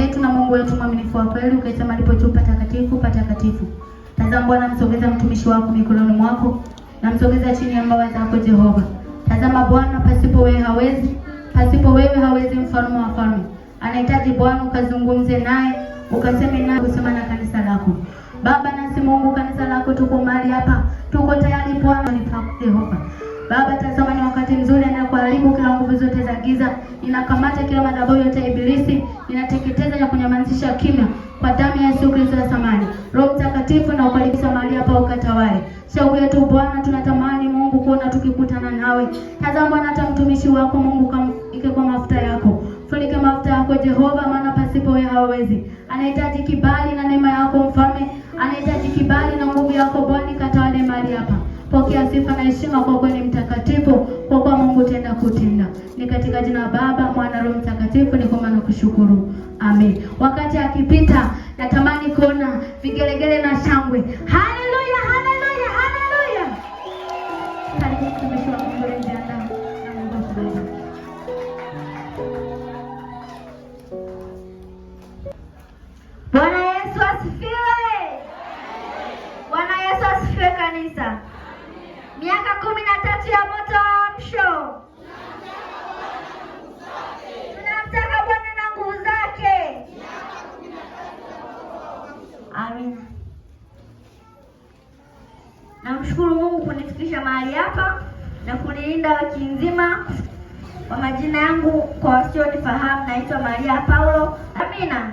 yetu na Mungu wetu mwaminifu wa kweli, ukaita malipo juu patakatifu patakatifu. Tazama Bwana, msogeza mtumishi wako mikononi mwako, na msogeza chini ya mbawa zako Jehova. Tazama Bwana, pasipo wewe hawezi, pasipo wewe hawezi. Mfalme wa falme anahitaji Bwana ukazungumze naye, ukaseme naye, usema na kanisa lako Baba. Nasi Mungu, kanisa lako tuko mahali hapa, tuko tayari Bwana, nipa Jehova Baba, tazama ni wakati mzuri, anakuharibu kila nguvu zote za giza, ninakamata kila madhabahu yote ya Ibilisi, ninateketeza na kunyamazisha kimya kwa damu ya Yesu Kristo ya thamani. Roho Mtakatifu na ukaribisha mahali hapa ukatawale. Shauku yetu Bwana, tunatamani Mungu kuona tukikutana nawe. Tazama Bwana, hata mtumishi wako Mungu kamike kwa mafuta yako, funike mafuta yako Jehova, maana pasipo wewe hawezi. Anahitaji kibali na neema yako Mfalme, anahitaji kibali na nguvu yako Bwana, katawale mahali hapa kupokea sifa na heshima, kwa kuwa ni mtakatifu, kwa kuwa Mungu tenda kutenda. Ni katika jina Baba, Mwana, Roho Mtakatifu, ni kwa kushukuru, amen. Wakati akipita, natamani kuona vigelegele na shangwe. Haleluya, haleluya, haleluya. Bwana Yesu asifiwe. Bwana Yesu asifiwe kanisa tunamtaka Bwana na nguvu Namshukuru Mungu kunifikisha mahali hapa na kunilinda wiki nzima. Kwa majina yangu, kwa wasionifahamu, naitwa Maria Paulo. Amina.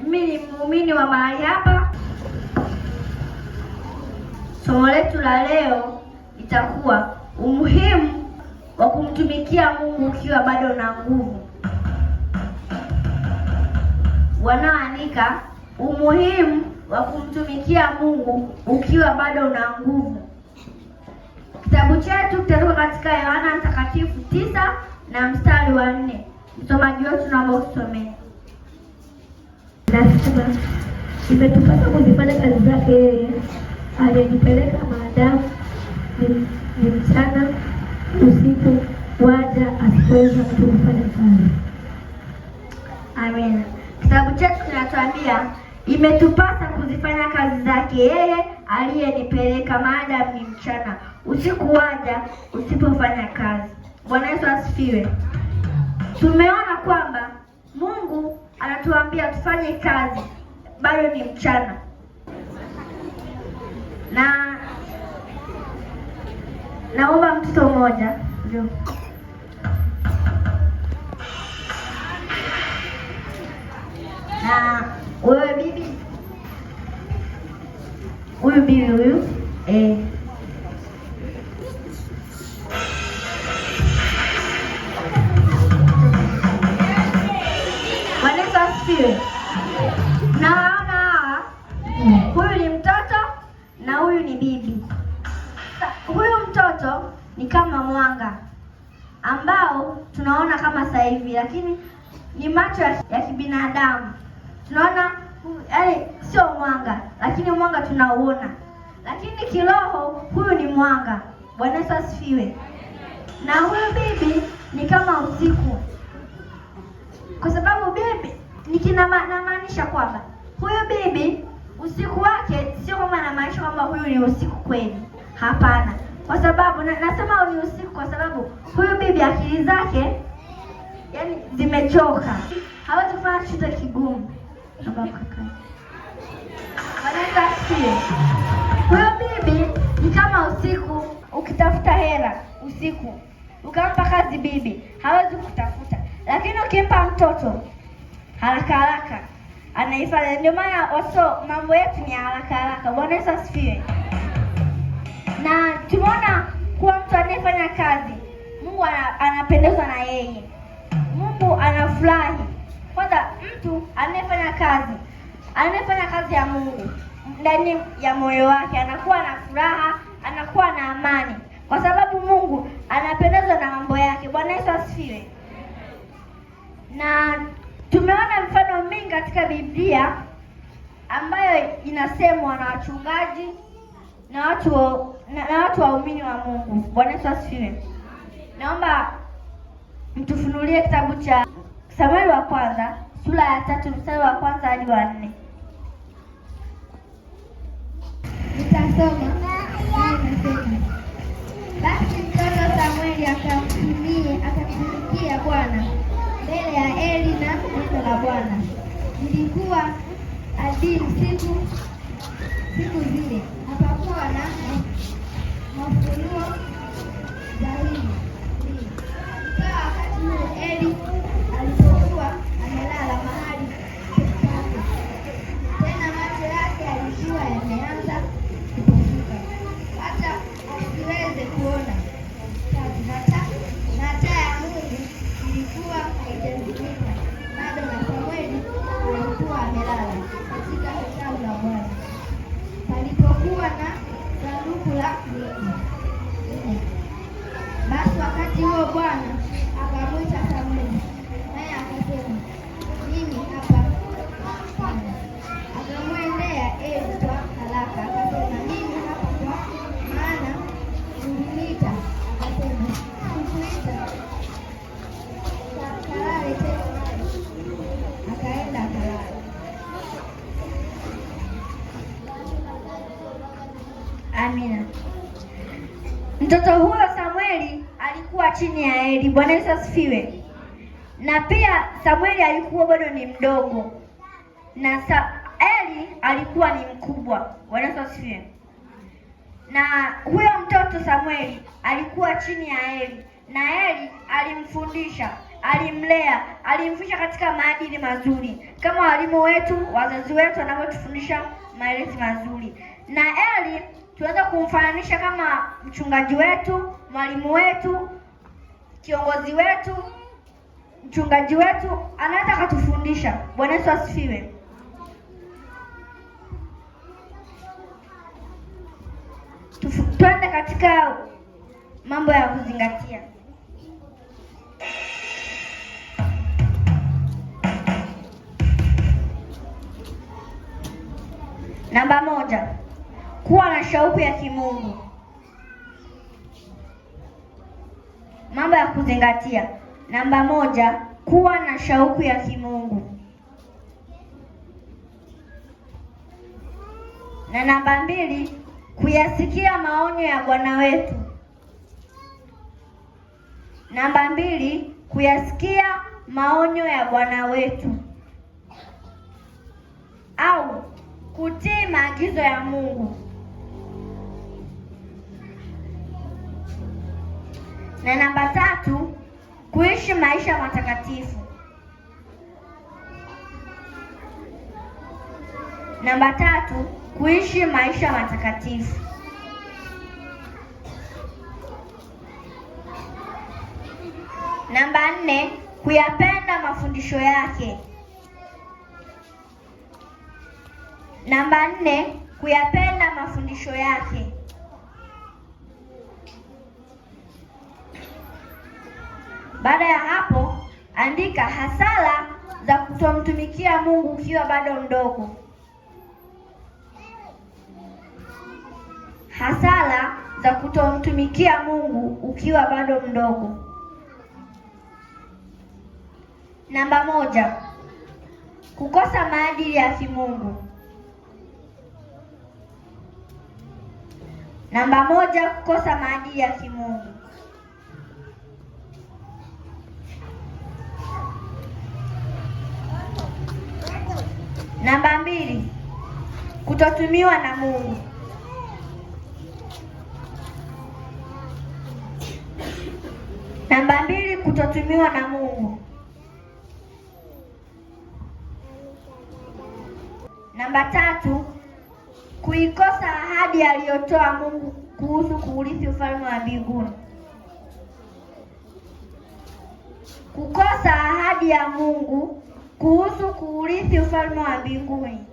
Mimi ni muumini wa mahali hapa. Somo letu la leo itakuwa umuhimu wa kumtumikia Mungu ukiwa bado na nguvu. Wanaanika umuhimu wa kumtumikia Mungu ukiwa bado na nguvu. Kitabu chetu kitatoka katika Yohana Mtakatifu tisa na mstari wa nne. Msomaji wetu naomba kusomea. Nasema imetupasa kuzifanya kazi zake yeye aliyejipeleka maadamu ni mchana, usiku waja asiweza kufanya kazi. Amina. Kitabu chetu kinatuambia imetupasa kuzifanya kazi zake yeye aliyenipeleka, maadamu ni mchana, usiku waja usipofanya kazi. Bwana Yesu asifiwe. Tumeona kwamba Mungu anatuambia tufanye kazi, bado ni mchana na Naomba mtoto mmoja ndio. Na wewe bibi, huyu bibi huyu eh lakini mwanga tunauona, lakini kiroho huyu ni mwanga. Bwana Yesu asifiwe. Na huyu bibi ni kama usiku, kwa sababu bibi nikinamaanisha kwamba huyu bibi usiku wake sio kama anamaanisha kwamba huyu ni usiku kweli, hapana. Kwa sababu na, nasema ni usiku kwa sababu huyu bibi akili zake yani zimechoka, hawezi kufanya chochote kigumu. Maneno asiye. Huyo bibi ni kama usiku, ukitafuta hela usiku, ukampa kazi bibi hawezi kutafuta, lakini ukimpa mtoto haraka haraka anaifanya. Ndio maana waso mambo yetu ni haraka haraka. Bwana Yesu asifiwe. Na tumeona kuwa mtu anayefanya kazi Mungu anapendezwa na yeye, Mungu anafurahi. Kwanza mtu anayefanya kazi anayefanya kazi ya Mungu ndani ya moyo wake anakuwa na furaha, anakuwa na amani, kwa sababu Mungu anapendezwa na mambo yake. Bwana Yesu asifiwe. Na tumeona mfano mingi katika Biblia ambayo inasemwa na wachungaji na watu na, na watu waumini wa Mungu. Bwana Yesu asifiwe. Naomba mtufunulie kitabu cha Samueli wa kwanza sura ya tatu mstari wa kwanza hadi wa nne. nitasoma nasema, basi mtoto Samueli akamtumikia Bwana mbele ya Eli na neno la Bwana ilikuwa adili siku siku zile, hapakuwa na kula mlima. Basi wakati huo Bwana akamwita Samweli, naye akasema, mimi hapa. Akamwendea Eli kwa haraka Amina. Mtoto huyo Samueli alikuwa chini ya Eli. Bwana Yesu asifiwe. Na pia Samueli alikuwa bado ni mdogo na sa Eli alikuwa ni mkubwa. Bwana Yesu asifiwe. Na huyo mtoto Samueli alikuwa chini ya Eli na Eli alimfundisha, alimlea, alimfundisha katika maadili mazuri kama walimu wetu, wazazi wetu wanavyotufundisha maelezi mazuri na Eli tuweze kumfananisha kama mchungaji wetu, mwalimu wetu, kiongozi wetu, mchungaji wetu, anaweza akatufundisha. Bwana Yesu asifiwe. Tuende katika mambo ya kuzingatia. shauku ya kimungu. Mambo ya kuzingatia: namba moja, kuwa na shauku ya kimungu, na namba mbili, kuyasikia maonyo ya Bwana wetu. Namba mbili, kuyasikia maonyo ya Bwana wetu au kutii maagizo ya Mungu. Na namba tatu, kuishi maisha matakatifu. Namba tatu, kuishi maisha matakatifu. Namba nne, kuyapenda mafundisho yake. Namba nne, kuyapenda mafundisho yake. Baada ya hapo, andika hasara za kutomtumikia Mungu ukiwa bado mdogo. Hasara za kutomtumikia Mungu ukiwa bado mdogo. Namba moja, kukosa maadili ya kimungu. Namba moja, kukosa maadili ya kimungu. Namba mbili, kutotumiwa na Mungu. Namba mbili, kutotumiwa na Mungu. Namba tatu, kuikosa ahadi aliyotoa Mungu kuhusu kuurithi ufalme wa mbinguni. Kukosa ahadi ya Mungu kuhusu kuurithi ufalme wa mbinguni.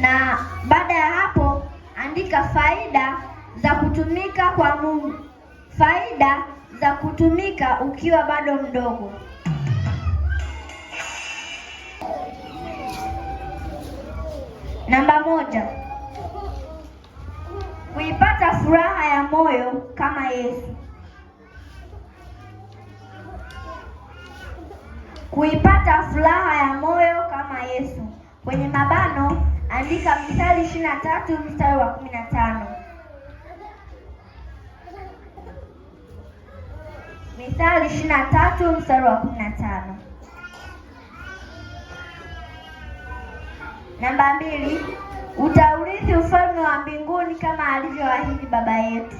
Na baada ya hapo andika faida za kutumika kwa Mungu, faida za kutumika ukiwa bado mdogo. Namba moja, kuipata furaha ya moyo kama Yesu. kuipata furaha ya moyo kama Yesu. Kwenye mabano andika mstari 23 mstari wa 15. na tano mstari ishirini mstari wa 15. Namba mbili, utaurithi ufalme wa mbinguni kama alivyoahidi baba yetu.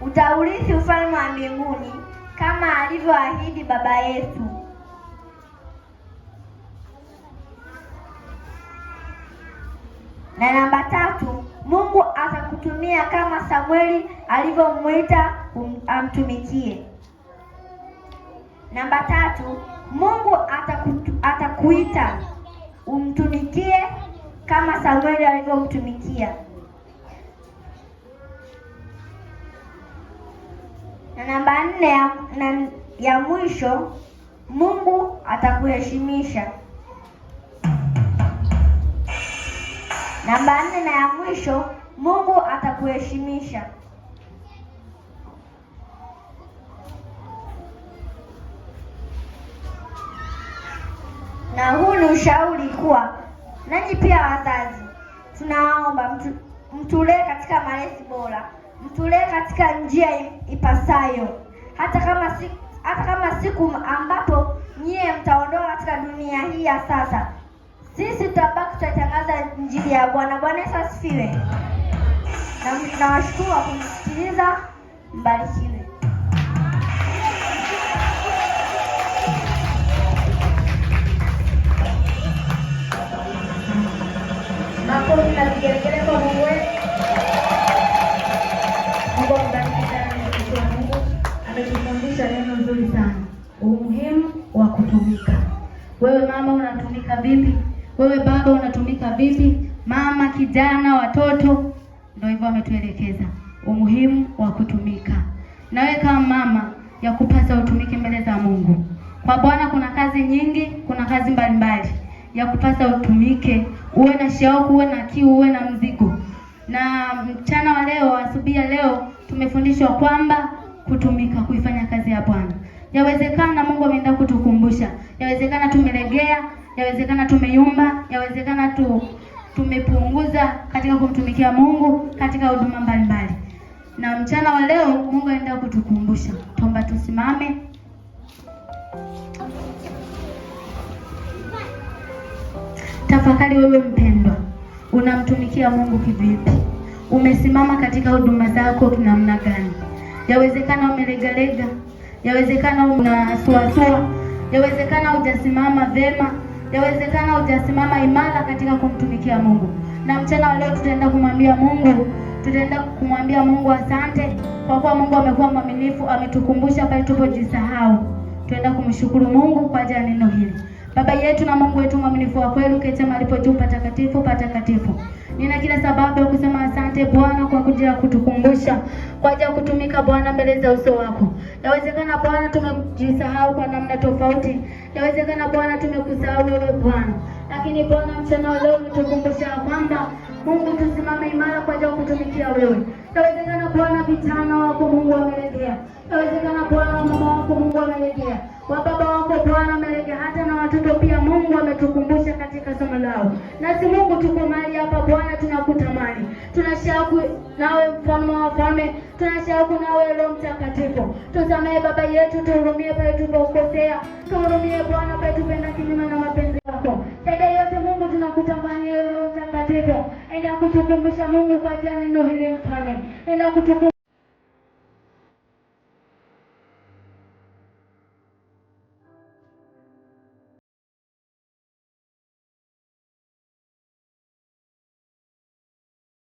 Utaurithi ufalme wa mbinguni kama alivyoahidi baba yetu. Na namba tatu, Mungu atakutumia kama Samueli alivyomwita um, amtumikie. Namba tatu, Mungu atakutu, atakuita umtumikie kama Samueli alivyomtumikia. Na namba nne ya, na, ya mwisho, Mungu atakuheshimisha. Namba nne na ya mwisho, Mungu atakuheshimisha. Na huu ni ushauri kuwa nanyi pia wazazi tunawaomba mtulee mtu katika malezi bora mtulee katika njia ipasayo, hata kama siku, hata kama siku ambapo nyie mtaondoka katika dunia hii ya sasa, sisi tutabaki, tutatangaza njia ya Bwana. Bwana Yesu asifiwe. Na nawashukuru wa kumsikiliza, mbarikiwe. Makofi na vigelegele kwa Mungu wetu. vipi, wewe baba unatumika vipi, mama, kijana, watoto. Ndio hivyo ametuelekeza umuhimu wa kutumika, na wewe kama mama ya kupasa utumike mbele za Mungu. Kwa Bwana kuna kazi nyingi, kuna kazi mbalimbali ya kupasa utumike, uwe na shauku, uwe na kiu, uwe na mzigo. Na mchana wa leo, asubuhi ya leo, tumefundishwa kwamba kutumika, kuifanya kazi ya Bwana. Yawezekana Mungu ameenda kutukumbusha, yawezekana tumelegea yawezekana tumeyumba, yawezekana tu tumepunguza katika kumtumikia Mungu katika huduma mbalimbali. Na mchana wa leo Mungu aenda kutukumbusha, tuomba tusimame. Tafakari, wewe mpendwa, unamtumikia Mungu kivipi? Umesimama katika huduma zako namna gani? Yawezekana umelegalega, yawezekana unasuasua, yawezekana hujasimama vema yawezekana utasimama imara katika kumtumikia Mungu. Na mchana wa leo tutaenda kumwambia Mungu, tutaenda kumwambia Mungu asante kwa kuwa Mungu amekuwa mwaminifu, ametukumbusha pale jisahau Tutaenda kumshukuru Mungu kwa ajili ya neno hili. Baba yetu na Mungu wetu mwaminifu wa kweli, ukete malipo juu patakatifu patakatifu. Nina kila sababu ya kusema asante Bwana kwa kuja ya kutukumbusha, kwa ajili ya kutumika Bwana mbele za uso wako. Yawezekana Bwana tumejisahau kwa namna tofauti, yawezekana Bwana tumekusahau wewe Bwana, lakini Bwana mchana leo umetukumbusha kwamba Mungu tusimame imara kwa ajili ya kutumikia wewe. Yawezekana Bwana vitano wako Mungu amelegea Inawezekana Bwana mama wako Mungu amelegea, wa baba wako Bwana amelegea, hata na watoto pia Mungu ametukumbusha katika somo lao. Nasi Mungu tuko mahali hapa Bwana, tunakutamani, tunashauku nawe mfalme wa wafalme, tunashauku nawe Roho Mtakatifu. Tusamehe baba yetu, tuhurumie pale tulipokosea, tuhurumie Bwana pale tupenda kinyume na mapenzi yako. Zaidi yote Mungu tunakutamani Roho Mtakatifu, enda kutukumbusha Mungu kwa jina hili mfalme, enda kutukumbusha